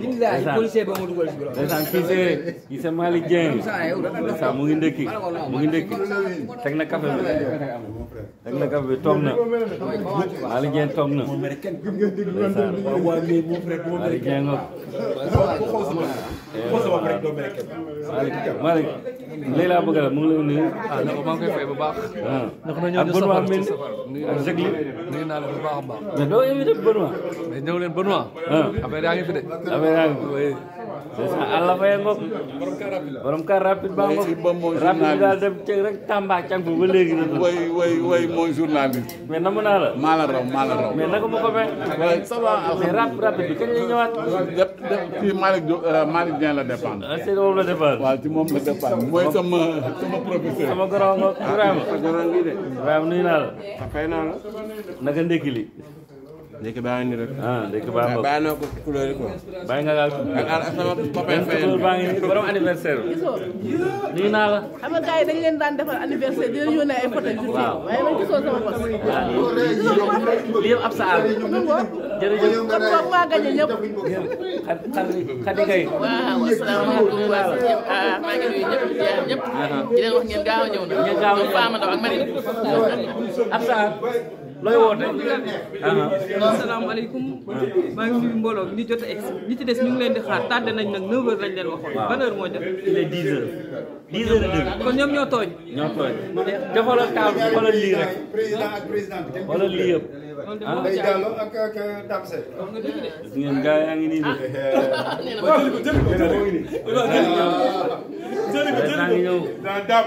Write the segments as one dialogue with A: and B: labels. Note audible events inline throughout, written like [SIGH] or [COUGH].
A: billahi policier ba mu dugal ci bureau ndeysaan kii c'est kii c'est Malick Dieng ndeysaan mu ngi ndëkki mu ngi ndëkki teg na café bi teg na café bi toog na Malick Dieng toog na Malick Dieng ngoog Malick Malick léegi laa bëgg la mu ngi lay nuyu ah naka maa ngi koy fay bu baax ndax na ñoo ñu safar ci safar ak jëgli nuyu naa leen bu baax a baax mais doo invité Benoît mais ñëw leen Benoît affaire yaa ngi fi de caméra bi c'est ça àlla fay ngoog borom car la way way raw maa raw mais naka ma ko fee ça va bi eh, kañ la ñëwaat ci Malick Malick Dieng la dépendre sama sama professeur sama goro ngoog nuyu naa fay naa la naka ndeke baa ngi nii rek. ah ndeke baa ah, nga bàyyi naa ko couleur yi quoi. bàyyi nga daal ak ak sama copain fayal bi baa ngi nii borom anniversaire la. gisoo nuyu naa la. xam nga gars yi dañ leen daan defal anniversaire di leen yónnee ay photo yu waaw waaye man gisoo sama bopp. waaw lii yëpp ab sa àll. jërëjëf kon kooku maa gañe ñëpp. xadi kay. waaw asalaamaaleykum wa rahmatulah. ah maa ngi nuyu ñëpp di ñëpp. di leen wax ngeen gaaw a ñëw nag. ngeen gaaw a ñëw nag Fama Ndao ak Marine. ab sa àll. looy woote. Ah, ah. asalaamaaleykum. Ah. maa ngi nuyu mbooloo mi ñu jot a egg ci des ñu leen di xaar tardé nañ nag 9h lañ leen waxoon. ban heure moo jot. il est 10h. kon ñoom ñoo tooñ. ñoo tooñ te xoolal taal xoolal lii rek. président ak présidente bi. xoolal lii yëpp. ah day jàll ak ak euh, Dame Seck. ngi nii de. jëli ko jëli ko jëli ko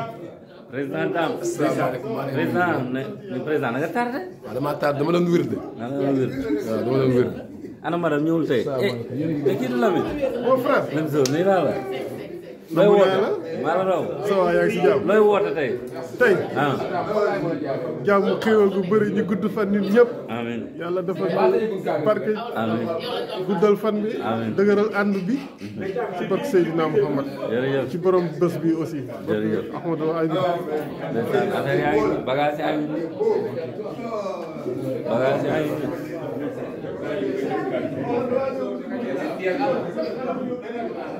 A: président Dame. asalaamaaleykum président ne président na nga tardé. waaw damaa tardé dama doon wirde. dama doon wirde waaw dama doon wirde. ana madame tey. asalaamaaleykum yéen eh, a eh, ngi dégg kii du Lamine. mon naa la. looy water, maa la raw ça va yaa ngi si jàmm looy woote tey tey ah jàmm xéwal gu bëri ñu gudd fan ñun ñëpp amiin yàlla dafa ñu barke amiin guddal fan bi amiin dëgëral ànd bi mhm. ci barke Seydina Mouhamad jërëjëf ci borom bés bi aussi jërëjëf Ahmadou ay affaire yaa bagage yaa bagage yaa ngi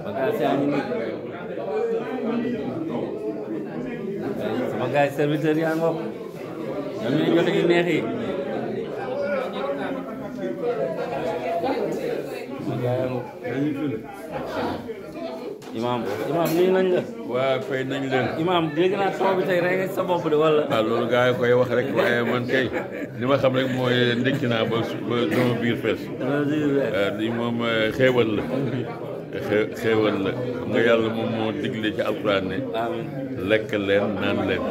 A: bagage yaa sama yi serviteur yaa ngoog ñoom ñooy jote neex yi imaam imaam nuyu nañ la. waaw fay nañ leen. imaam dégg naa taw bi tey rek sa bopp de wala. Ah, loolu gars yi koy wax rek waaye man kay li ma xam rek mooy ndekki ba ba biir fees. Ah, li moom eh, xéewal la [LAUGHS] xéewal la. xam nga yàlla moom moo digle ci alxuraan ne lekk leen naan leen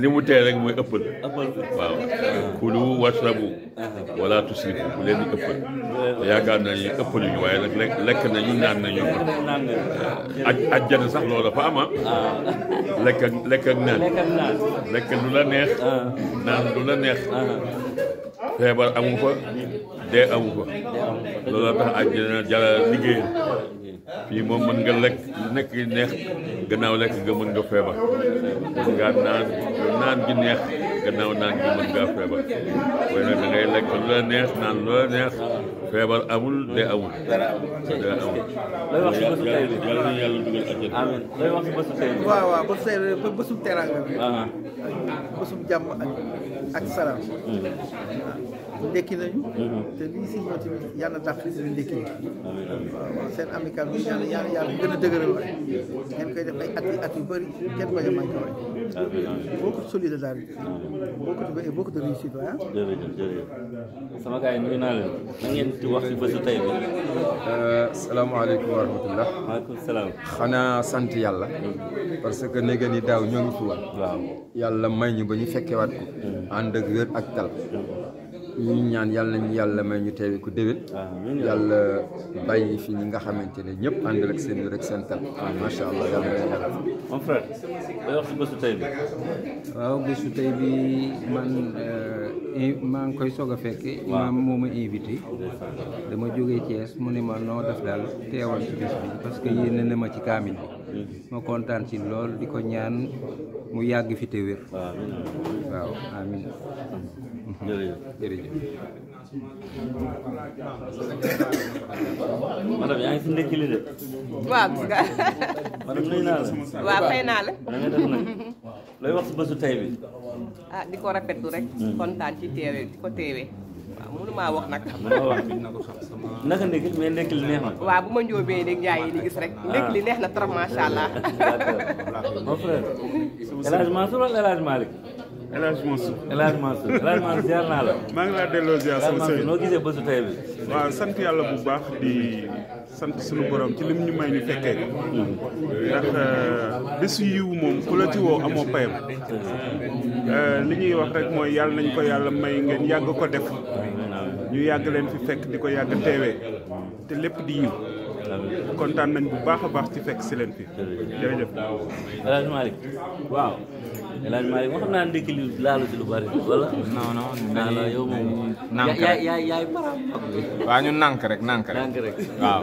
A: li mu tee rek mooy ëppal waaw kulu washrabu wala tusrifu bu leen ëppal yaakaar naa ni waaye nag lekk lekk nañu naan nañu aj ajjana sax loolu dafa ama ah. ah. lekk ak lekk ak naan lekk lu la neex ah. naan lu la neex feebar amu fa dee amu fa loolu tax ajjana jala liggéey fii moom mën nga lekk nekk neex gannaaw lekk nga mën nga feebar mën ngaa naan naan gi neex gannaaw naan gi mën la neex naan lu la amul de amul de amul
B: yàlla na yàlla dugal àjjana amiin looy wax ndekki nañu te lii si ñoo tamit yàlla seen amical yàlla yàlla yàlla gën a dëgëral waay ngeen koy def ay at yi at yu bëri a manqué waay beaucoup de solidarité beaucoup de beaucoup de réussite waay ah. wax ci bésu tey euh, xanaa sant yàlla parce que néega ni daaw ñoo ngi fi woon yàlla may ñu ba ñu fekkewaat ko hmm. ànd ak ak tal hmm. ñu ñaan yàlla nañu yàlla may ñu teewi ku déwén yàlla bàyyi fi ñi nga xamante ne ñëpp ànd rek seen rek seen tal macha allah yàlla may yàlla mon tey bi man euh, maa ngi koy soog a fekke imaam moo ma invité dama jógee Thiès mu ne ma noo def daal teewal ci bi parce que yéene na ma ci kaamil bi mm-hmm. ma kontaan ci lool di ko ñaan mu yàgg fi te waaw amin mm-hmm. jërëjëf jërëjëf.
A: naa la. looy wax si bésu tey di
B: ko rafetlu rek. kontaan ci teewe di ko teewee. waaw mënumaa wax nag. mënumaa wax
A: naka ndekki li neex na.
B: waaw bu ma njóobee rek jaay yi di gis rek. Ah.
A: ndekki [LAUGHS] El Hadj
B: Mansour la. maa ngi laa delloo ziar sama sëriñ noo gisee bésu tey bi. waaw sant yàlla bu baax di sant sunu boroom ci lim ñu may ñu fekkee ko. ndax euh, bésu yiw moom ku la ci amoo payam. Euh, li ñuy wax rek mooy yàlla nañ ko yàlla may ngeen yàgg ko def. ñu yàgg leen fi fekk di ko yàgg teewee. te lépp di yiw. kontaan nañ bu baax a baax ci fekk si leen fi.
A: jërëjëf El Hadj Malick moo xam li laalu ci lu bari wala. non non dañuy yow moom. nànk rek yaay yaay maram waaw ñu nànk rek nànk rek. nànk rek waaw.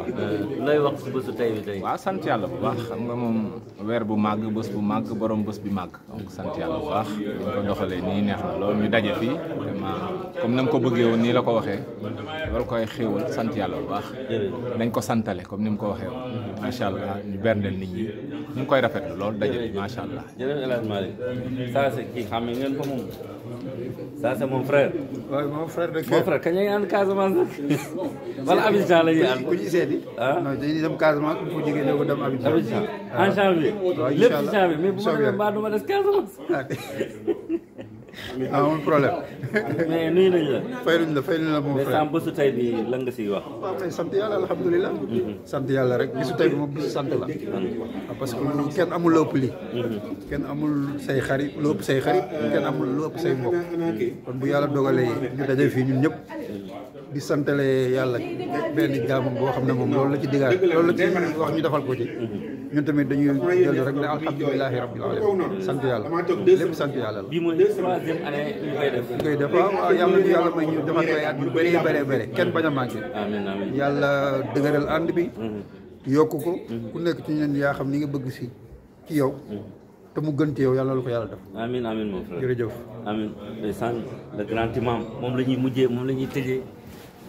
A: looy wax ci bésu tey bi tey. waaw sant yàlla bu baax xam
B: nga moom weer bu màgg bés bu màgg borom bés bi màgg. donc sant bu baax ko neex na ñu comme ko la ko koy xéewal sant bu baax. dañ ko santale comme ni ko waxee woon. macha allah ñu nit ñi ñu koy allah. jërëjëf ça c'est
A: kii xam ngeen ko moom ça c'est mon mon frère de cœur mon frère kañ la ñuy ànd Casamance nag. wala Abidjan la ñuy ànd ku ñu seeti.
B: ah non dañuy dem Casamance [LAUGHS] amul problème. [LAUGHS] mais nuyu nañ la. fayluñ la fayluñ la moom frère. mais Sam bésu lan nga siy wax. sant yàlla alhamdulilah. Mhm. sant yàlla rek su tey bi moom bisu sant la. Mhm. parce que man kenn amul lópp lii. Mhm. kenn amul say xarit lópp say xarit. kenn amul lópp say mbokk. kon bu yàlla dogalee ñu daje fii ñun ñëpp. di santale yàlla benn jaamam boo xam ne moom loolu la ci diggaat loolu la ci wax ñu defal ko ci. ñun tamit dañuy jël rek ne alhamdulilahi rabbil alamin sant yàlla lépp sant yàlla la. bii mooy troisième année ñu koy def. yàlla na yàlla may ñu defar ay at yu bëree bëree bëri kenn bañ a manqué. amiin amiin yàlla dëgëral ànd bi. Mm-hmm. yokk ko. Mm-hmm. ku nekk ci ñun yaa xam ni nga bëgg si ci yow. Mm-hmm. te mu gën ci yow yàlla lu ko yàlla def.
A: amiin amiin moom frère jërëjëf. amiin ndeysaan moom la ñuy mujjee moom la ñuy tëjee.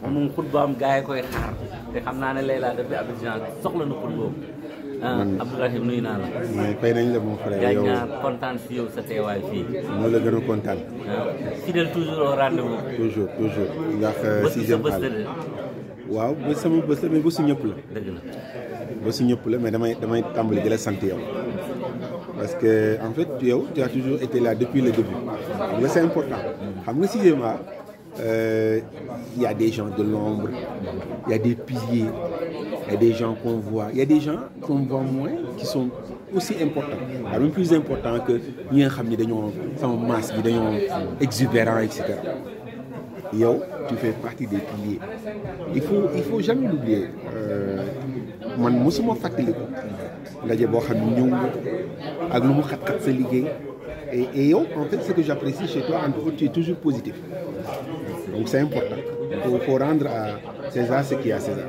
A: moom xutbaam gars yi koy xaar te xam naa ne Layla dafay abidjan soxla na xutba man ah, Abdourahim nuyu naa mais fay nañ la mon frère yow naa kontaan si yow sa teewaay fii. moo la gën a kontaan. Ah, fidèle toujours au rendez-vous. toujours toujours ndax euh, sixième xaal
B: waaw ba sama bés la mais bésu ñëpp la. dëgg la bésu ñëpp la mais damay damay tàmbali di la sant yow. parce que en fait yow tu as toujours été là depuis le début Mais c'est important xam nga sixième A il euh, y a des gens de l'ombre il y a des piliers il y a des gens qu'on voit, il y a des gens qu'on voit moins qui sont aussi importants, même plus importants que les nga qui sont masse bi exubérant et cetera. tu fais partie des piliers il faut il faut jamais l'oublier euh, man je fàttaliku ndaje boo xam ne ak lu mu et et en fait ce que j'apprécie chez toi tu es toujours positif donc c'est important il faut rendre à César ce qui a à César.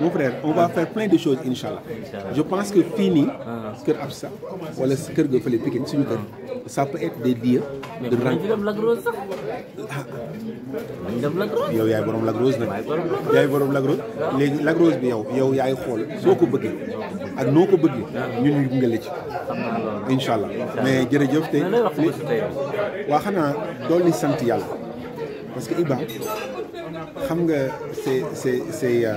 B: mon frère, on va faire plein de choses, Inch'Allah. Je pense que fini, que Absa, wala de Gofale Philippe ça peut être des lieux de
A: rencontre. Ah. yow borom
B: la Rose borom la Rose. la grosse, Rose bi yow yow grosse, ak mais parce que Iba c'est. Euh,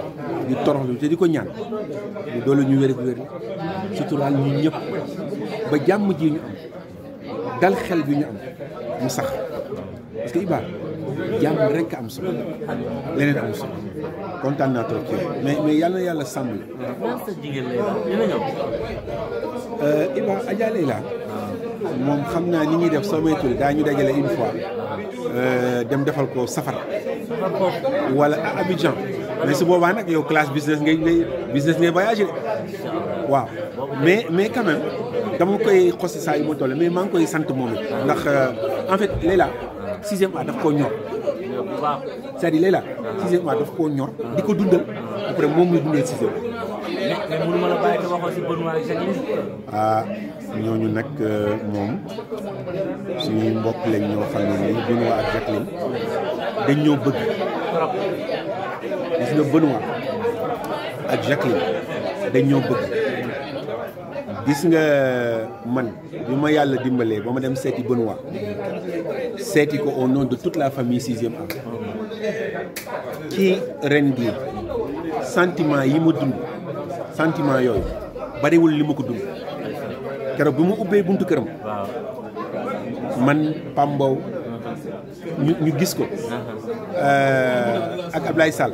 B: di toroxlu te di ko ñaan mu doole ñu wér ak wér suturaal ñu ñëpp ba jàmm ji ñu am dal xel bi ñu am mu sax parce que Iba jàmm rek am solo leneen am solo kontaan naa trop ci mais mais yàlla na yàlla sàmm la. Iba Adja Leila moom xam naa ni ñuy def soo moytuwul daa ñu dajale une fois dem defal ko safar wala à Abidjan. mais il y a une classe business business voyages. mais mais quand même dama koy xossi sa yu mais mang koy sante fait, ndax euh, en fait Leila e A daf ko ñor c'est-à-dire Leila e A daf ko ñor diko dundal après dundé 6e
A: mais la
B: ah ñooñu nak euh, mom mbokk lañ ñoo Benoît ak Jacqueline dañ ñoo bëgg
A: gis nga Benoît ak
B: gis nga man bi ma yàlla dimbalee ba ma dem seeti Benoît seeti la famille sixième A ci ren bi sentiment yi ma dund sentiment yooyu bariwul li ma ko dund keroog bi mu ubbee buntu këram man Pambow ñu gis ko euh, ak Ablaye Sall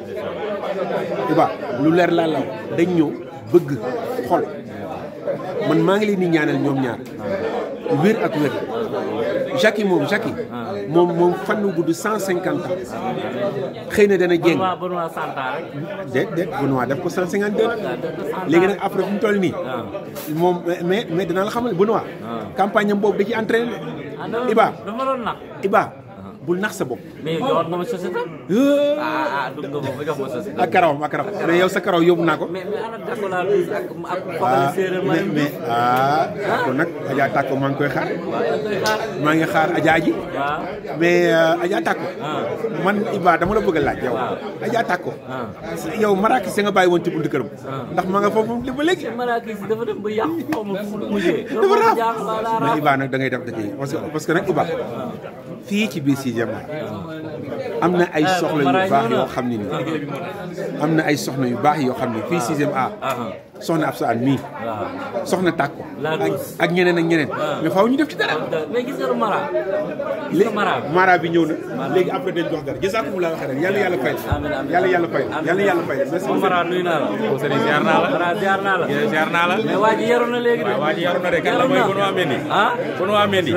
B: Iba lu leer la law dañ ñëw bëgg xol man ma ngi leen di ñaanal ñom ñaar wër ak wër Jacky mom Jacky ah. mom mom fannu guddu 150 cent cinquante ans xëy na dana jéng déet déet Benoît def ko 152 légui deux après fu toll ni ah. mom mais mais danaa la xamal Benoît ah. campagne am boobu da ci entraîné Iba don nak Iba bul nax mais yor nga ma euh. ah ah dugg nga ma ba jox ma société. ak ah, karawam ah, mais yow sa karaw yóbbu naa mais
A: mais ana dàkko laa ak
B: ak ah dàkko ah. nag Adja Tàkko maa koy xaar. xaar ji. mais euh, man Iba dama la bëgg laaj yow. waaw Adja yow Marrakech nga bàyyi woon ci buntu këram. ndax ma nga foofu li ba léegi. Marrakech dafa dem ba yàq xaw ma fu mu mujjee. dafa mais Iba da ngay def parce que parce que Iba. fii ci biir si jamono am na ay soxla yu baax yoo xam ne nii am na ay soxla yu baax yoo xam ne fii sixième A soxna ab saan mii. soxna tàkk ko. ak ñeneen ak ñeneen. mais faaw ñu def ci dara. mais gis nga mara. gis nga mara bi ñëw na. léegi après dañ jox dara jazakumullahu xayran yàlla yàlla fay. yàlla yàlla fay yàlla yàlla fay. merci beaucoup mara nuyu naa la. kooku sëriñ waa ji yaru na léegi de. waa ji yaru na de kan la mooy nu amee nii. ah bu nu amee nii.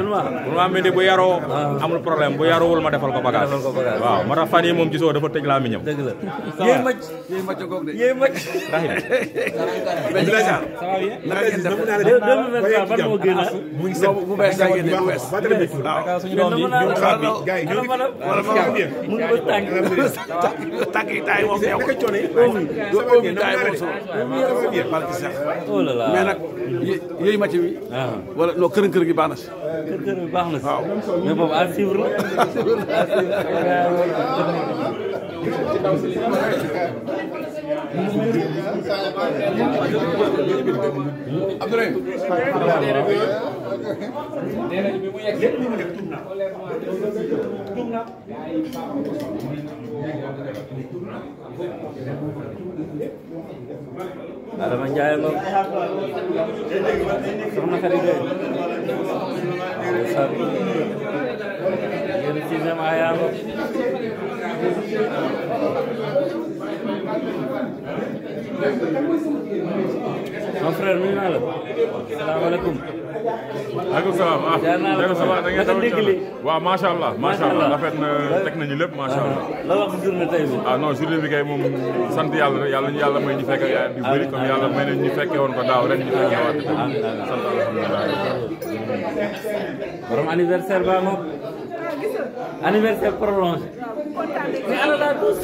B: bu nu amee nii bu yaroo. Ah. amul problème bu yaroowul ma defal ko bagage. defal ko bagage waaw moo tax fan yii moom gisoo dafa tëj laa miñam. dëgg la yéen ma [LAUGHS] Bilaja. naka ngeen def bu bu bees yaa génne bu bees. waaw suñu doom bi ñu xaar bi gars yi ñoo ngi tànk yi taay moom neexul. oom yi taay moom solo. barki sax. mais nag yëy ma ci wi. wala non
A: kërën kërën gi baax na si. kërën kërën gi baax na si. waaw mais boobu à suivre la.
B: Abdourahim lépp lu mu def tuub naa tuub naa Adama Ndiaye lool soxna Khady Doye
A: waaw yéen ci même ayaa lool Thank you. mon frère nuyu naa la. salaamaaleykum. maaleykum salaam ah. maaleykum salaam da ngeen dawal coono waaw allah. macha allah rafet na teg nañu lépp macha allah. la wax journée tey bi. ah non journée bi kay moom sant yàlla yàlla ñu yàlla may ñu fekk ak yu bëri comme yàlla ñu fekke woon ko daaw ren ñu fekke waat ko. sant alhamdulilah. borom anniversaire ba mais ana laa dus.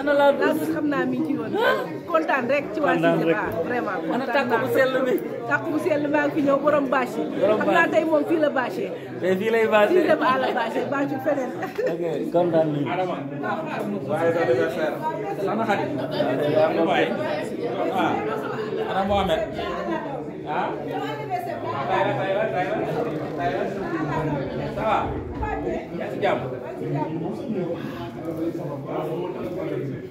A: ana laa dus xam naa mi ngi ci yoon. kontaan rek ci waa Cité Ba vraiment kontaan naa tàkku bu sell bi. tàkku bu sell maa ngi fi ñëw borom bâché. borom bâché xam naa tey moom fii la bâché. mais fii lay bâché fii la ba la bâché bâché feneen. ok kontaan nañu. waaye doo demee fenn. ana Xadi. waaw ah, ana Mohamed. ah.